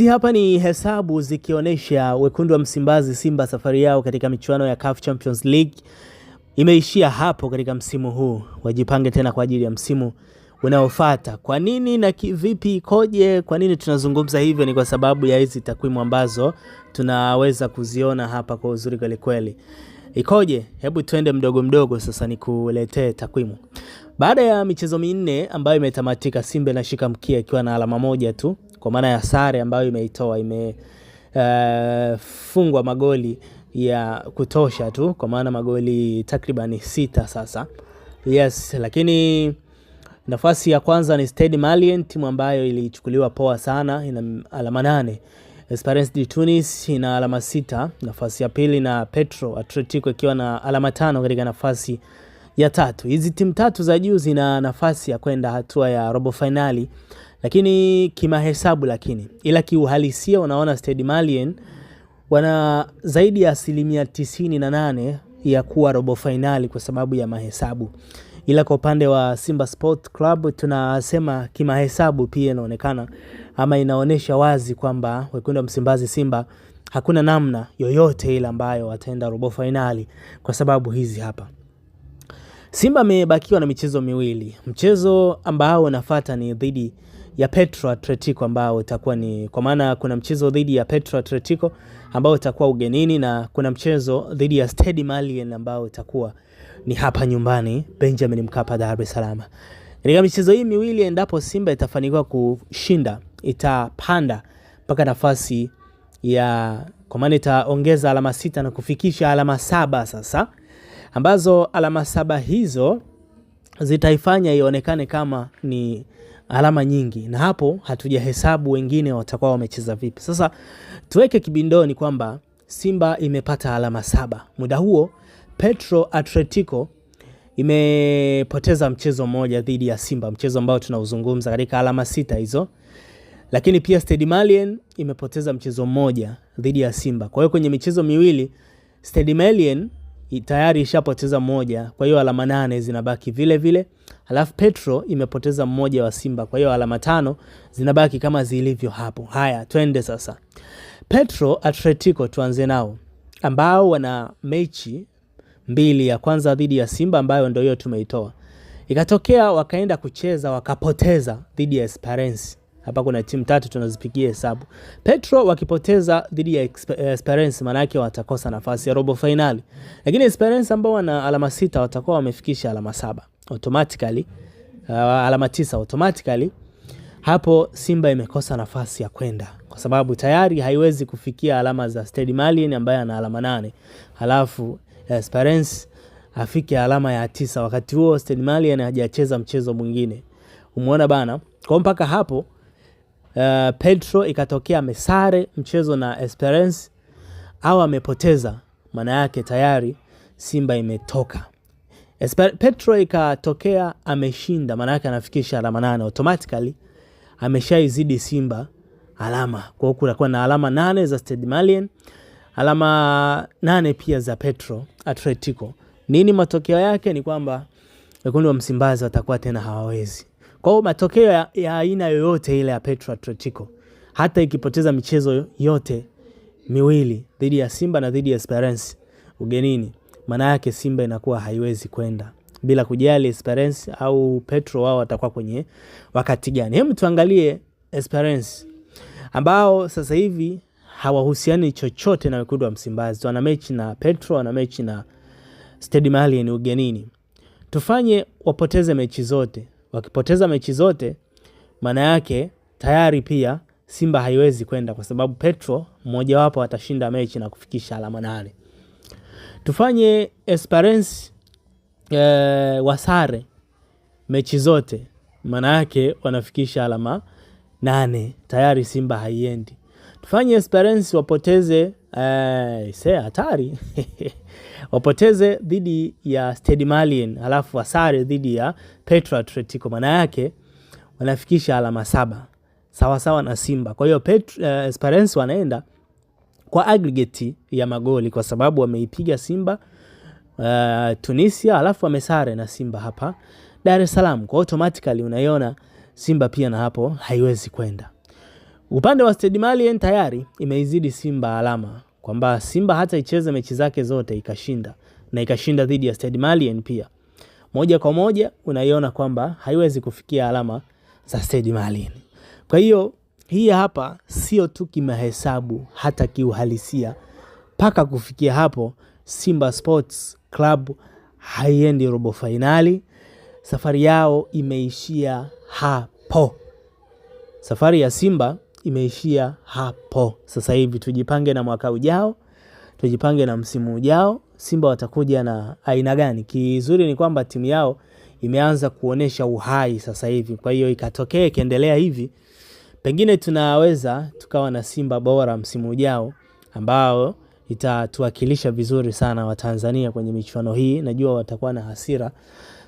Hizi hapa ni hesabu zikionyesha wekundu wa Msimbazi Simba safari yao katika michuano ya CAF Champions League imeishia hapo katika msimu huu. Wajipange tena kwa ajili ya msimu unaofuata. Kwa nini na vipi ikoje? Kwa nini tunazungumza hivyo? Ni kwa sababu ya hizi takwimu ambazo tunaweza kuziona hapa kwa uzuri kweli kweli. Ikoje? Hebu twende mdogo mdogo sasa nikuletee takwimu. Baada ya michezo minne ambayo imetamatika, Simba inashika mkia ikiwa na alama moja tu kwa maana ya sare ambayo imeitoa imefungwa eh, uh, magoli ya kutosha tu, kwa maana magoli takriban sita sasa. Yes, lakini nafasi ya kwanza ni Stade Malien, timu ambayo ilichukuliwa poa sana, ina alama nane. Esperance de Tunis ina alama sita, nafasi ya pili na Petro Atletico ikiwa na alama tano katika nafasi ya tatu. Hizi timu tatu za juu zina nafasi ya kwenda hatua ya robo fainali lakini kimahesabu, lakini ila kiuhalisia, unaona Stade Malien wana zaidi ya asilimia tisini na nane ya kuwa robo fainali kwa sababu ya mahesabu, ila kwa upande wa Simba Sport Club tunasema kimahesabu pia inaonekana ama inaonyesha wazi kwamba wekundu wa Msimbazi Simba hakuna namna yoyote ile ambayo wataenda robo fainali kwa sababu hizi hapa. Simba amebakiwa na michezo miwili. Mchezo ambao unafata ni dhidi ya Petro Atletico ambao itakuwa ni kwa maana kuna mchezo dhidi ya Petro Atletico ambao itakuwa ugenini na kuna mchezo dhidi ya Stade Malien ambao itakuwa ni hapa nyumbani Benjamin Mkapa, Dar es Salaam. Katika michezo hii miwili, endapo Simba itafanikiwa kushinda, itapanda mpaka nafasi ya kwa maana itaongeza alama sita na kufikisha alama saba sasa, ambazo alama saba hizo zitaifanya ionekane kama ni alama nyingi, na hapo hatujahesabu wengine watakuwa wamecheza vipi. Sasa tuweke kibindoni kwamba Simba imepata alama saba. Muda huo Petro Atletico imepoteza mchezo mmoja dhidi ya Simba, mchezo ambao tunauzungumza katika alama sita hizo, lakini pia Stade Malien imepoteza mchezo mmoja dhidi ya Simba. Kwa hiyo kwenye michezo miwili Stade Malien tayari ishapoteza moja, kwa hiyo alama nane zinabaki vile vile. Alafu Petro imepoteza mmoja wa Simba, kwa hiyo alama tano zinabaki kama zilivyo hapo. Haya, twende sasa Petro Atletico, tuanze nao ambao wana mechi mbili, ya kwanza dhidi ya Simba ambayo ndio hiyo tumeitoa, ikatokea wakaenda kucheza wakapoteza dhidi ya Esperance hapa kuna timu tatu tunazipigia hesabu. Petro wakipoteza dhidi ya eh, Esperance, maana yake watakosa nafasi ya robo finali, lakini Esperance ambao wana alama sita watakuwa wamefikisha alama saba automatically, uh, alama tisa automatically. Hapo Simba imekosa nafasi ya kwenda kwa sababu tayari haiwezi kufikia alama za Stade Malien ambaye ana alama nane halafu eh, Esperance afike alama ya tisa. Wakati huo Stade Malien hajacheza mchezo mwingine, umeona bana, kwa mpaka hapo Eh, Petro ikatokea amesare mchezo na Esperance au amepoteza, maana yake tayari Simba imetoka. Esper Petro ikatokea ameshinda, maana yake anafikisha alama nane, automatically ameshaizidi Simba alama. Kwa hiyo kunakuwa na alama nane za Stade Malien, alama nane pia za Petro Atletico. Nini matokeo yake? Ni kwamba wekundu wa Msimbazi watakuwa tena hawawezi kwa hiyo matokeo ya, ya aina yoyote ile ya Petro Atletico hata ikipoteza michezo yote miwili dhidi ya Simba na dhidi ya Esperance ugenini, maana yake Simba inakuwa haiwezi kwenda bila kujali Esperance au Petro wao watakuwa kwenye wakati gani. Hebu tuangalie Esperance ambao sasa hivi hawahusiani chochote na wekundu wa Msimbazi. Wana mechi na Petro, wana mechi na Stade Malien ugenini. Tufanye wapoteze mechi zote Wakipoteza mechi zote, maana yake tayari pia Simba haiwezi kwenda kwa sababu Petro mmojawapo atashinda mechi na kufikisha alama nane. Tufanye Esperance e, eh, wasare mechi zote, maana yake wanafikisha alama nane, tayari Simba haiendi. Tufanye Esperance wapoteze Eh, se hatari wapoteze dhidi ya Stade Malien wasare dhidi ya Petro Atletico, maana yake wanafikisha alama saba sawasawa na Simba. Kwa hiyo uh, Esperance wanaenda kwa aggregate ya magoli kwa sababu wameipiga Simba uh, Tunisia, alafu wamesare na Simba hapa Dar es Salaam. Kwa automatically unaiona Simba pia na hapo haiwezi kwenda. Upande wa Stade Malien tayari imeizidi Simba alama kwamba Simba hata icheze mechi zake zote ikashinda na ikashinda dhidi ya Stade Malien pia, moja kwa moja unaiona kwamba haiwezi kufikia alama za Stade Malien. Kwa hiyo hii hapa sio tu kimahesabu, hata kiuhalisia, mpaka kufikia hapo Simba Sports Club haiendi robo fainali. Safari yao imeishia hapo, safari ya Simba imeishia hapo. Sasa hivi tujipange na mwaka ujao, tujipange na msimu ujao. Simba watakuja na aina gani? Kizuri ni kwamba timu yao imeanza kuonesha uhai sasa hivi, kwa hiyo ikatokea ikaendelea hivi, pengine tunaweza tukawa na Simba bora msimu ujao ambao itatuwakilisha vizuri sana Watanzania kwenye michuano hii. Najua watakuwa na hasira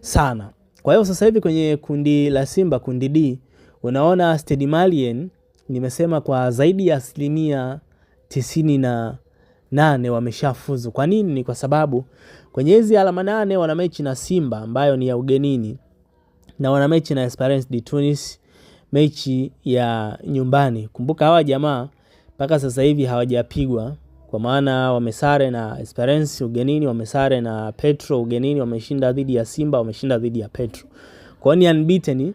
sana. Kwa hiyo sasa hivi kwenye kundi la Simba, kundi D, unaona Stade Malien nimesema kwa zaidi ya asilimia tisini na nane wameshafuzu. Kwa nini? Ni kwa sababu kwenye hizi alama nane wana mechi na Simba ambayo ni ya ugenini na wana mechi na Esperance de Tunis, mechi ya nyumbani. Kumbuka hawa jamaa mpaka sasa hivi hawajapigwa kwa maana wamesare na Esperance ugenini, wamesare na Petro ugenini, wameshinda dhidi ya Simba, wameshinda dhidi ya Petro. Kwa hiyo ni unbeaten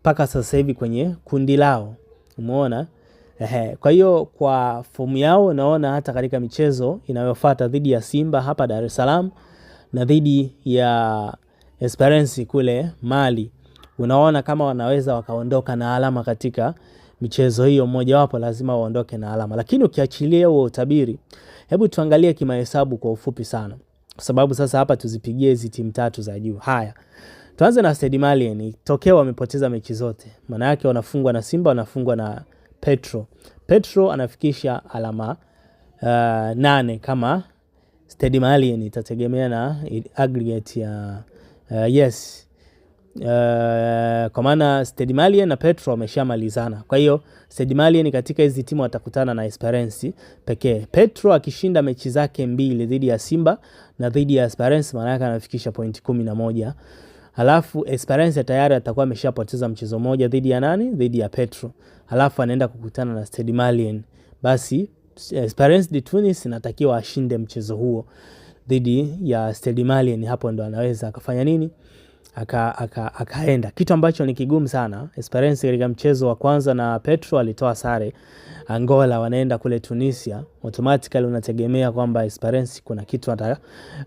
mpaka sasa hivi kwenye kundi lao. Umeona? Ehe, kwa hiyo kwa fomu yao naona hata katika michezo inayofuata dhidi ya Simba hapa Dar es Salaam na dhidi ya Esperance kule Mali, unaona kama wanaweza wakaondoka na alama katika michezo hiyo, mmojawapo lazima waondoke na alama. Lakini ukiachilia huo utabiri, hebu tuangalie kimahesabu kwa ufupi sana, kwa sababu sasa hapa tuzipigie hizi timu tatu za juu. Haya. Tuanze na Stade Malien, tokeo wamepoteza mechi zote, maana yake wanafungwa na Simba, wanafungwa na Petro. Petro anafikisha alama uh, nane kama Stade Malien, itategemea na aggregate ya uh, yes Uh, kwa maana Stade Malien na Petro wameshamalizana. Kwa hiyo Stade Malien katika hizi timu watakutana na Esperance pekee. Petro akishinda mechi zake mbili dhidi ya Simba na dhidi ya Esperance, maana yake anafikisha pointi kumi na moja alafu Esperance tayari atakuwa ameshapoteza mchezo mmoja dhidi ya nani? Dhidi ya Petro. alafu anaenda kukutana na Stade Malien. Basi Esperance de Tunis inatakiwa ashinde mchezo huo dhidi ya Stade Malien, hapo ndo anaweza akafanya nini? aka, aka, akaenda, kitu ambacho ni kigumu sana. Esperance katika mchezo wa kwanza na Petro alitoa sare Angola, wanaenda kule Tunisia, automatically unategemea kwamba Esperance kuna kitu ata,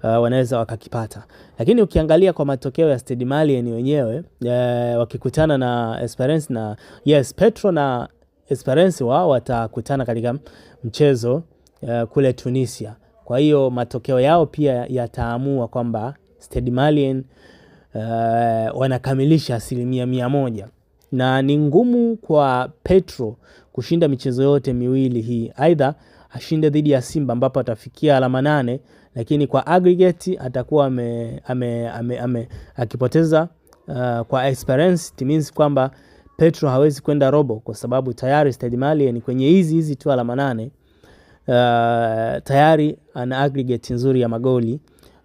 uh, wanaweza wakakipata, lakini ukiangalia kwa matokeo ya Stade Malien wenyewe uh, wakikutana na Esperance na yes, Petro na Esperance wao watakutana katika mchezo uh, kule Tunisia. Kwa hiyo matokeo yao pia yataamua kwamba Stade Malien uh, wanakamilisha asilimia mia moja na ni ngumu kwa Petro kushinda michezo yote miwili hii. Aidha ashinde dhidi ya Simba ambapo atafikia alama nane, lakini kwa aggregate atakuwa ame, ame, ame, ame, akipoteza uh, kwa experience it means kwamba Petro hawezi kwenda robo kwa sababu tayari Stade Malien kwenye hizi hizi tu alama nane uh, tayari ana aggregate nzuri ya magoli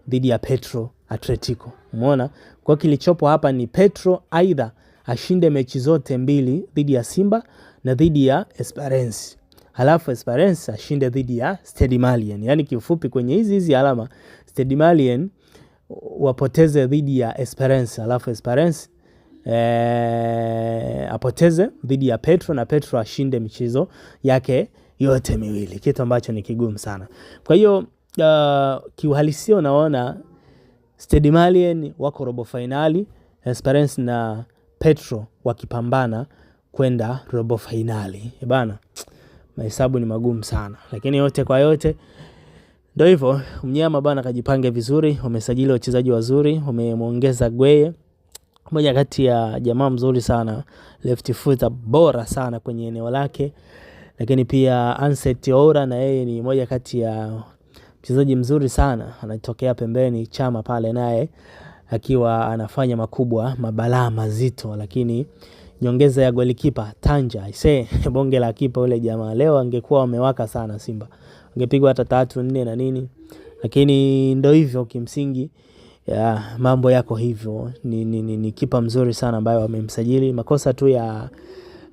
dhidi ya Petro. Atletico. Umeona kwa kilichopo hapa ni Petro aidha ashinde mechi zote mbili dhidi ya Simba na dhidi ya Esperance, halafu Esperance ashinde dhidi ya Stade Malien. Yani kifupi kwenye hizi hizi alama Stade Malien wapoteze dhidi ya Esperance, halafu Esperance eh, apoteze dhidi ya Petro na Petro ashinde michezo yake yote miwili, kitu ambacho ni kigumu sana. Kwa hiyo uh, kiuhalisia unaona Stade Malien wako robo fainali, Esperance na Petro wakipambana kwenda robo fainali. E eh, bana, mahesabu ni magumu sana, lakini yote kwa yote ndio hivyo. Mnyama bana kajipange vizuri, wamesajili wachezaji wazuri, wamemwongeza Gueye, moja kati ya jamaa mzuri sana, left foot bora sana kwenye eneo lake, lakini pia Anset Oura na yeye ni moja kati ya mchezaji mzuri sana anatokea pembeni Chama pale naye akiwa anafanya makubwa, mabalaa mazito, lakini nyongeza ya golikipa Tanja ise bonge la kipa ule jamaa, leo angekuwa wamewaka sana Simba, angepigwa hata tatu nne na nini, lakini ndo hivyo kimsingi ya, mambo yako hivyo. Ni, ni, ni, ni kipa mzuri sana ambayo wamemsajili, makosa tu ya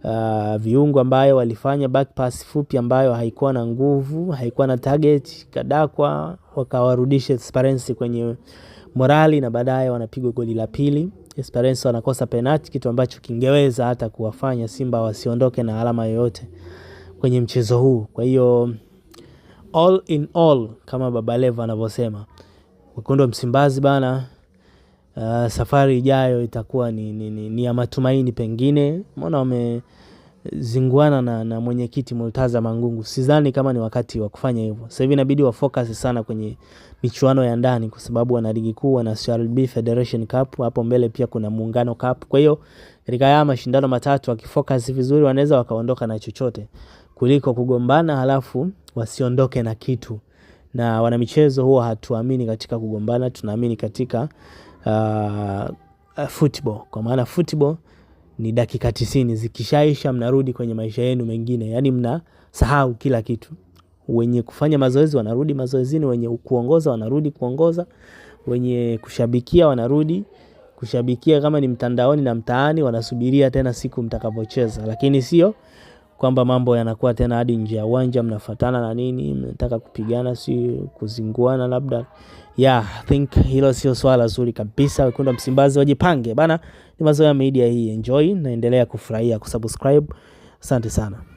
uh, viungo ambayo walifanya back pass fupi ambayo haikuwa na nguvu, haikuwa na target. Kadakwa wakawarudisha Esperance kwenye morali na baadaye wanapigwa goli la pili. Esperance wanakosa penalti, kitu ambacho kingeweza hata kuwafanya Simba wasiondoke na alama yoyote kwenye mchezo huu. Kwa hiyo all in all, kama Baba Levo anavyosema, wekundu wa Msimbazi bana Uh, safari ijayo itakuwa ni, ni, ni, ni ya matumaini pengine. Mbona wamezinguana na, na mwenyekiti Murtaza Mangungu? Sidhani kama ni wakati wa kufanya hivyo sasa hivi, inabidi wafocus sana kwenye michuano ya ndani, kwa sababu wana ligi kuu, wana CRB Federation Cup, hapo mbele pia kuna Muungano Cup. Kwa hiyo katika haya mashindano matatu wakifocus vizuri, wanaweza wakaondoka na chochote kuliko kugombana halafu wasiondoke na kitu. Na wanamichezo huwa hatuamini katika kugombana, tunaamini katika Uh, uh, football kwa maana football ni dakika tisini, zikishaisha mnarudi kwenye maisha yenu mengine, yani mnasahau kila kitu. Wenye kufanya mazoezi wanarudi mazoezini, wenye kuongoza wanarudi kuongoza, wenye kushabikia wanarudi kushabikia, kama ni mtandaoni na mtaani wanasubiria tena siku mtakapocheza, lakini sio kwamba mambo yanakuwa tena hadi nje ya uwanja mnafatana na nini, mnataka kupigana, si kuzinguana labda. Yeah, I think hilo sio swala zuri kabisa. Wekundu wa Msimbazi wajipange bana. Ni Mazoea Media hii, enjoy, naendelea kufurahia kusubscribe. Asante sana.